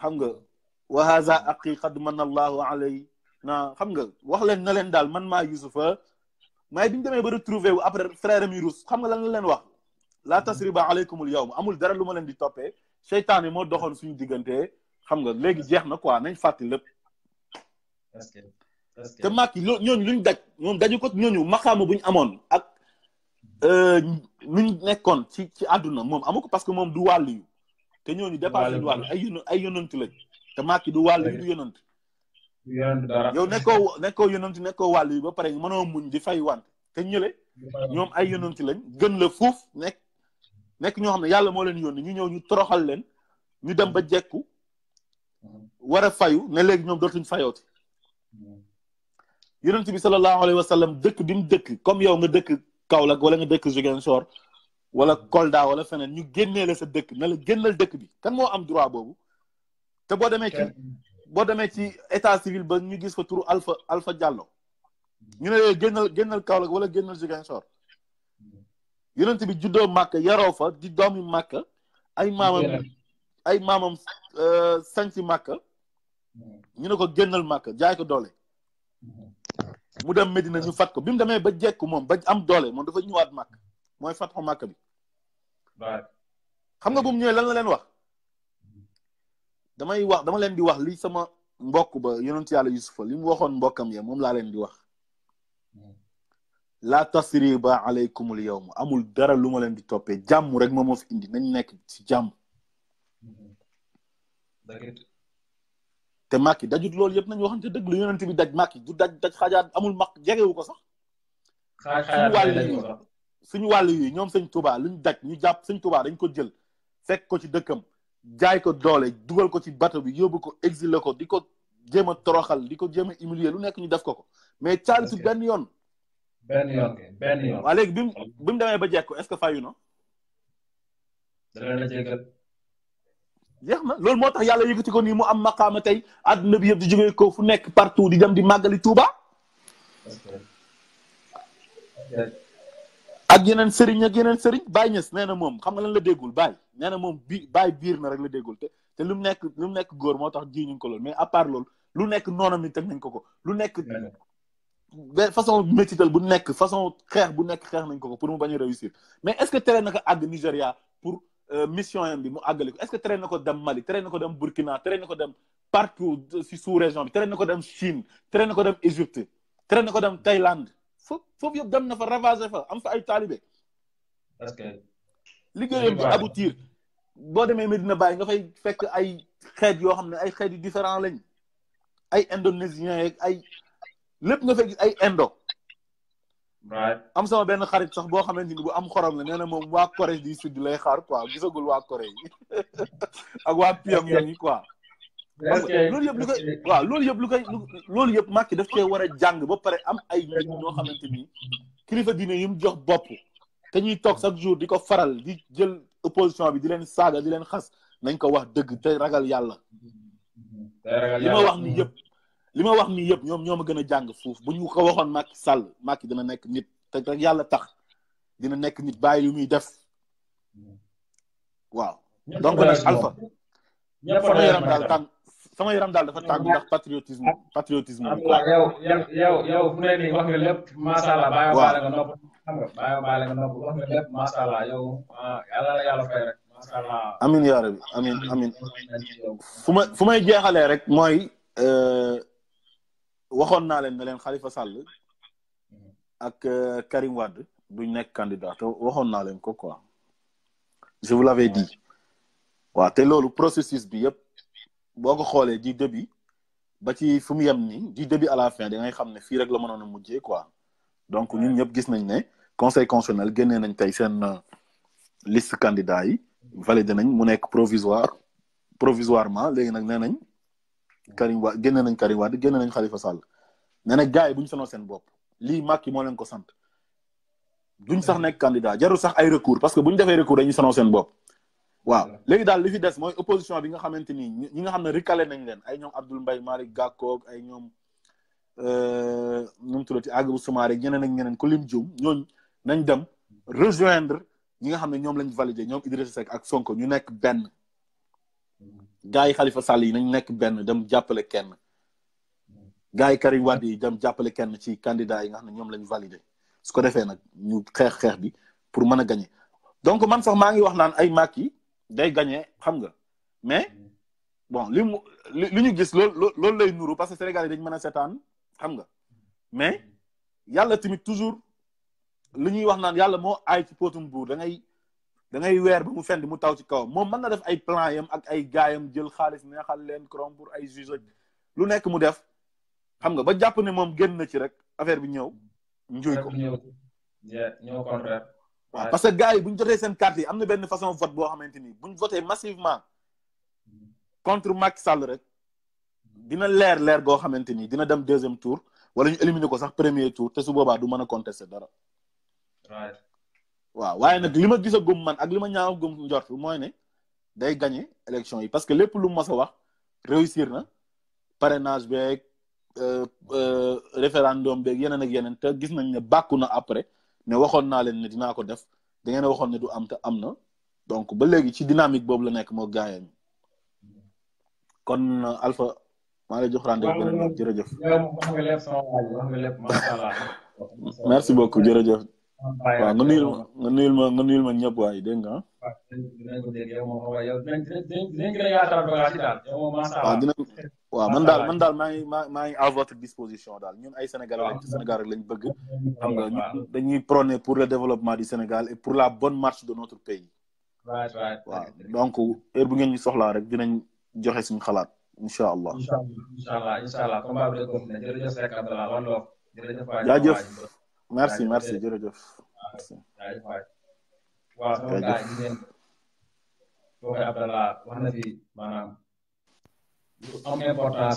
xam nga wa haza aqi qad manna allahu alay na xam nga wax leen na leen daal man maa yusufa mais bi ñu demee ba retrouvé wu après frère mi xam nga lan la leen wax la tasriba aleykumul yawm amul dara lu ma leen di toppee seytaane moo doxoon suñu diggante xam nga léegi jeex na quoi nañ fàttali lépp te Macky loo ñooñu luñ daj ñoom daju ko ñooñu maxaama bu ñu amoon ak euh, nuñ nekkoon ci ci àdduna moom amu ko parce que moom du wàllu yu te ñooñu dépassé du wàllu ay yónu ay yónant lañ te Macky du wàll yi du yónant yow nekkoo nekkoo yónant nekkoo wàll yi ba pare mënoo muñ di fay wante te ñële ñoom ay yónant lañ gën la fuuf nekk nekk ñoo xam ne yàlla moo leen yónni ñu ñëw ñu toroxal leen ñu dem ba jekku war a fayu ne léegi ñoom dootuñ fayooti yónant bi sallallahu alayhi wa sallam dëkk bi mu dëkk comme yow nga dëkk Kaolack wala nga dëkk Ziguinchor wala Kolda wala feneen ñu génnee la sa dëkk na la génnal dëkk bi kan moo am droit boobu te boo demee ci boo demee ci état civil ba ñu gis ko turu alfa alfa Diallo ñu ne yooyu génnal génnal Kaolack wala génnal Ziguinchor yonent bi juddoo màkk yaroo fa di doomi màkk ay maamam ay maamam euh, sañci màkk ñu ne ko génnal màkk jaay ko doole mu dem Medina ñu fat ko bi mu demee ba jekku moom ba am doole moom dafa ñëwaat màkk mooy fat ko màkk bi xam nga bu mu ñëwee lan leen wax damay wax dama leen di wax li sama mbokk ba yonentu yàlla yusufa li mu waxoon mbokkam ya moom laa leen di wax la tasriba alaykumul yawma amul dara lu ma leen di toppee jàmm rek moom moo fi indi nañ nekk ci jàmm te Macky dajut loolu yëpp nañu waxante dëgg lu yonent bi daj Macky du daj daj xaajaat amul mak jegewu ko sax suñu wàll yi ñoom sañ Touba luñ daj ñu jàpp sëñ tubaa dañ ko jël fekk ko ci dëkkam jaay ko doole dugal ko ci bato bi yóbbu ko exilé ko di ko jéem a toroxal di ko jéem a lu nekk ñu def ko ko mais caalisu benn yoon. benn yoon benn waa léegi bi mu bi ba jekk est-ce que fayu na. dana la jéggal. jeex na loolu moo tax yàlla yëkkati ko nii mu am maqaama tey àdduna bi yëpp di jógee ko fu nekk partout di dem di màggali Touba. ak yeneen sëriñ ak yeneen sëriñ Baye Niass nee moom xam nga lañ la déggul Baye nee moom bi Baye biir na rek la déggul te lu mu nekk lu mu nekk góor moo tax ji ñu ko lool mais à part loolu lu nekk noonam yi teg nañ ko ko lu nekk façon métital bu nekk façon xeex bu nekk xeex nañ ko ko pour mu bañ a réussir mais est-ce que tere na ko àgg Nigéria pour euh, mission yam mu àggali ko est-ce que tere na ko dem Mali tere na ko dem Burkina tere na ko dem partout région bi tere na ko dem Chine tere na ko dem Égypte tere na ko dem Thaïlande foofu foofu yëpp dem na fa ravager fa am fa ay taalibe. parce que liggéeyam bi boo demee Medina Baye nga fay fekk ay xeet yoo xam ne ay xeet yu différent lañ ay indonésien ay lépp nga fay gis ay indo. am sama benn xarit sax boo xamante ni bu am xorom la nee na moom waa Corée du Sud lay xaar quoi gisagul waa Corée yi <laughs> ak waa Pyongyang yi quoi. loolu yëpp lu koy waaw loolu yëpp lu koy loolu yëpp Macky daf cee war a jàng ba pare am ay nit ñoo xamante ni kilifa diine yi mu jox bopp te ñuy toog chaque jour di ko faral di jël opposition bi di leen saaga di leen xas nañ ko wax dëgg te ragal yàlla li ma wax ni yëpp li ma wax ni yëpp ñoom ñoo ma gën a jàng fuuf bu ñu ko waxoon sal Sall Macky dina nekk nit te rek yàlla tax dina nekk nit bàyyi lu muy def waaw donc nag sama yaram daal dafa tàng ndax patriotisme bi. yow yow yow fu ne wax nga lépp macha allah. fu ma fu may jeexalee rek mooy euh, waxoon naa leen ne leen Khalifa Sall ak euh, Karim Wade duñ nekk candidat te waxoon naa leen ko quoi je vous l'avais dit. waaw te loolu processus bi yëpp. boo ko xoolee du début ba ci fu mu yem nii du début à la fin da ngay xam ne fii rek la mënoon a mujjee quoi donc ñun ñëpp gis nañ ne conseil constitutionnel génnee nañ tey seen euh, liste candidats yi validé nañ mu nekk provisoire provisoirement léegi nag nee nañ Karim Wade génne nañ Karim Wade génne nañ Khalifa Sall nee na gars yi bu ñu sonal seen bopp lii Macky moo leen ko sant duñ sax nekk candidat jarul sax ay recours parce que bu ñu defee recours ñu sonal seen bopp. waaw léegi daal li fi des mooy opposition bi nga xamante ni ñi nga xam ne recalé nañ leen ay ñoom Abdoul Mbaye Malick Gakou ay ñoom euh, nu mu tuddati Agibou Soumaré ñeneen ak ñeneen ku lim juum ñooñ nañ dem rejoindre ñi nga xam ne ñoom lañ validé ñoom Idrissa Seck ak Sonko ñu nekk benn gars yi Khalifa Sall yi nañ nekk benn dem jàppale kenn gars yi Karim Wade yi dem jàppale kenn ci candidat yi nga xam ne ñoom lañ validé su ko defee nag ñu xeex xeex bi pour mën a gagné donc man sax maa ngi wax naan ay Macky day gagné xam nga mais mm. bon li mu li ñu gis loolu lay nuru parce que Sénégal dañ mën a seetaan xam nga mais yàlla tamit toujours li ñuy wax naan yàlla moo ay ci póotum buur da ngay da ngay weer ba mu fend mu taw ci kawam moom mën na def ay plan yam ak ay gaayam jël xaalis neexal leen korom pour ay juge lu nekk mu def xam nga ba jàpp ne moom génn na ci rek affaire bi ñëw njuuy ko waaw parce que gars yi bu ñu jotee seen carte am na benn façon vote boo xamante ni bu ñu voté massivement contre Macky Sall rek dina leer leer goo xamante ni dina dem deuxième tour wala ñu éliminer ko sax premier tour te su boobaa du mën a contester dara. waaw waaye nag li ma gis a man ak li ma ñaaw gum njort mooy ne day gagné élection yi parce que lépp lu mas wax réussir na parrainage beeg euh, euh, référendum beeg yeneen ak yeneen te gis nañ ne bàkku na après. ne waxoon naa leen ne dinaa ko def da ngeen waxoon ne du am te am na donc ba léegi ci dynamique boobu la nekk moo gaayam kon Alpha maa ngi lay jox rendez-vous beneen yoon jërëjëf. merci beaucoup jërëjëf. waaw nga nuyul nga nuyul ma nga nuyul waaye ah. yow dinañ a yaatal bagage man daal man daal maa ngi maa ngi à votre disposition daal ñun ay Sénégalais lañ ci Sénégal rek lañ bëgg. xam nga dañuy prôner pour le développement du Sénégal et pour la bonne marche de notre pays. waaw waaw donc heure bu ngeen ñu rek dinañ joxe suñu xalaat incha allah. allah incha merci merci jërëjëf. waaw sama wax na fi maanaam lu am na ko xam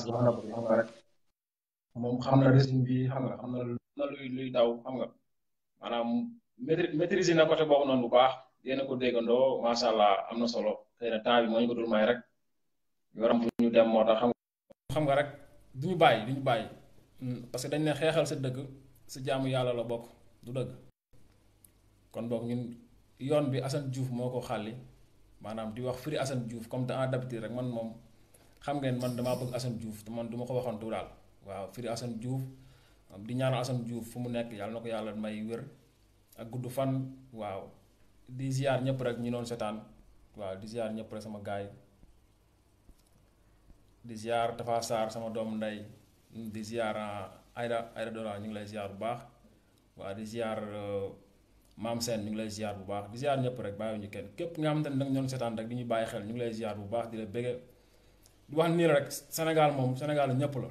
moom xam na régime bi xam xam na luy luy daw xam nga maanaam maîtriser na côté boobu noonu bu baax yéen a ko déggandoo macha allah am na solo xëy na temps bi moo ñu ko dul may rek yoram fu ñu dem moo tax xam nga rek duñu bàyyi duñu bàyyi hmm, parce dañ ne xeexal sa dëgg. si jaamu yàlla la bokk du dëgg kon boog ñun yoon bi Assane Diouf moo ko xàlli maanaam di wax firi Assane Diouf comme en d'habitude rek man moom xam ngeen man damaa bëgg Assane Diouf te man duma ma ko waxantu daal waaw firi Assane Diouf di ñaanal Assane Diouf fu mu nekk yàlla na ko yàlla may wér ak gudd fan waaw di ziar ñëpp rek ñu noonu seetaan waaw di ziar ñëpp rek sama gaay di ziar Tafa Sarr sama doomu ndey di ziar. Ah, Aïda Aïda Dora ñu ngi lay ziar bu baax waa di ziar euh, maam seen ñu ngi lay ziar bu baax di ziar ñëpp rek bàyyiwuñu kenn képp nga xamante ne nag ñoon seetaan ñu bàyyi xel ñu ngi lay ziar bu baax di la bëgge di wax nii rek senegal moom senegal ñëpp la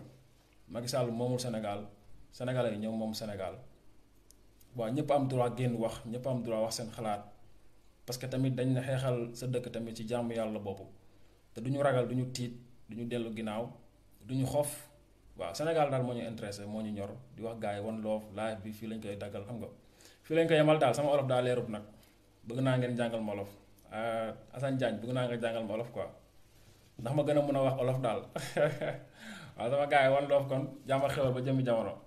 Macky Sall moomul senegal Sénégalais yi ñoom moom senegal waa ñëpp am droit génn wax ñëpp am droit wax seen xalaat parce que tamit dañ na xeexal sa dëkk tamit ci jàmm yàlla bopp te du ñu ragal du ñu tiit du ñu dellu ginnaaw du ñu xof waaw Sénégal daal moo ñu intéressé moo ñu ñor di wax gars yi wan loof live bi fii lañ koy daggal xam nga fii lañ koy yemal daal sama olof daa leerut nag bëgg naa ngeen jàngal ma olof ah, Assane Diagne bëgg naa nga jàngal ma olof quoi ndax ma gën a mun a wax olof daal <laughs> waaw sama gars yi wan loof kon jàmm xewal ba jëmmi jamono.